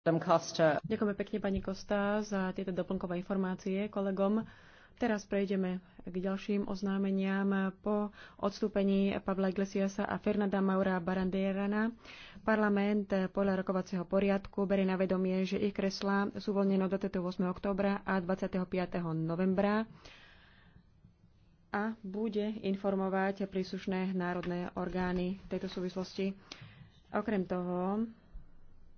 Ďakujeme pekne pani Kosta za tieto doplnkové informácie kolegom. Teraz prejdeme k ďalším oznámeniam. Po odstúpení Pavla Iglesiasa a Fernanda Maura Baranderana parlament podľa rokovacieho poriadku berie na vedomie, že ich kreslá sú voľnené do 8. oktobra a 25. novembra a bude informovať príslušné národné orgány v tejto súvislosti. Okrem toho,